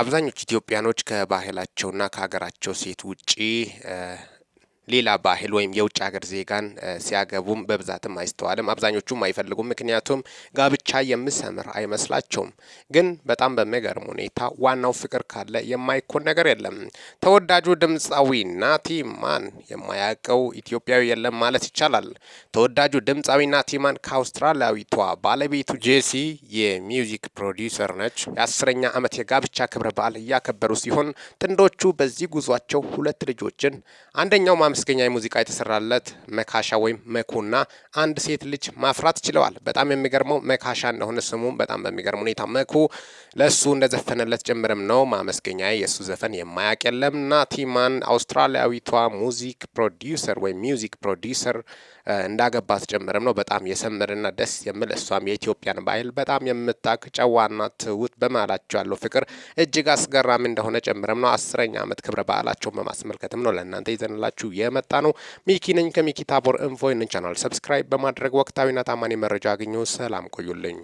አብዛኞቹ ኢትዮጵያኖች ከባህላቸውና ከሀገራቸው ሴት ውጪ ሌላ ባህል ወይም የውጭ ሀገር ዜጋን ሲያገቡም በብዛትም አይስተዋልም። አብዛኞቹም አይፈልጉም። ምክንያቱም ጋብቻ የምሰምር አይመስላቸውም። ግን በጣም በሚገርም ሁኔታ ዋናው ፍቅር ካለ የማይኮን ነገር የለም። ተወዳጁ ድምፃዊ ማን የማያውቀው ኢትዮጵያዊ የለም ማለት ይቻላል። ተወዳጁ ድምፃዊ ማን ከአውስትራሊያዊቷ ባለቤቱ ጄሲ የሚውዚክ ፕሮዲውሰር ነች። የአስረኛ ዓመት የጋብቻ ክብረ በዓል እያከበሩ ሲሆን ጥንዶቹ በዚህ ጉዟቸው ሁለት ልጆችን አንደኛው መስገኛ ሙዚቃ የተሰራለት መካሻ ወይም መኩና አንድ ሴት ልጅ ማፍራት ችለዋል። በጣም የሚገርመው መካሻ እንደሆነ ስሙ በጣም በሚገርም ሁኔታ መኩ ለእሱ እንደዘፈነለት ጭምርም ነው። ማመስገኛ የእሱ ዘፈን የማያቅ የለም። ናቲማን አውስትራሊያዊቷ ሙዚክ ፕሮዲውሰር ወይም ሚውዚክ ፕሮዲውሰር እንዳገባት ጭምርም ነው። በጣም የሰምርና ደስ የምል እሷም የኢትዮጵያን ባህል በጣም የምታቅ ጨዋና ትውት በመሃላቸው ያለው ፍቅር እጅግ አስገራሚ እንደሆነ ጭምርም ነው። አስረኛ ዓመት ክብረ በዓላቸውን በማስመልከትም ነው ለእናንተ ይዘንላችሁ የመጣ ነው። ሚኪ ነኝ ከሚኪ ታቦር ኢንፎ። ቻናል ሰብስክራይብ በማድረግ ወቅታዊና ታማኝ መረጃ አግኙ። ሰላም ቆዩልኝ።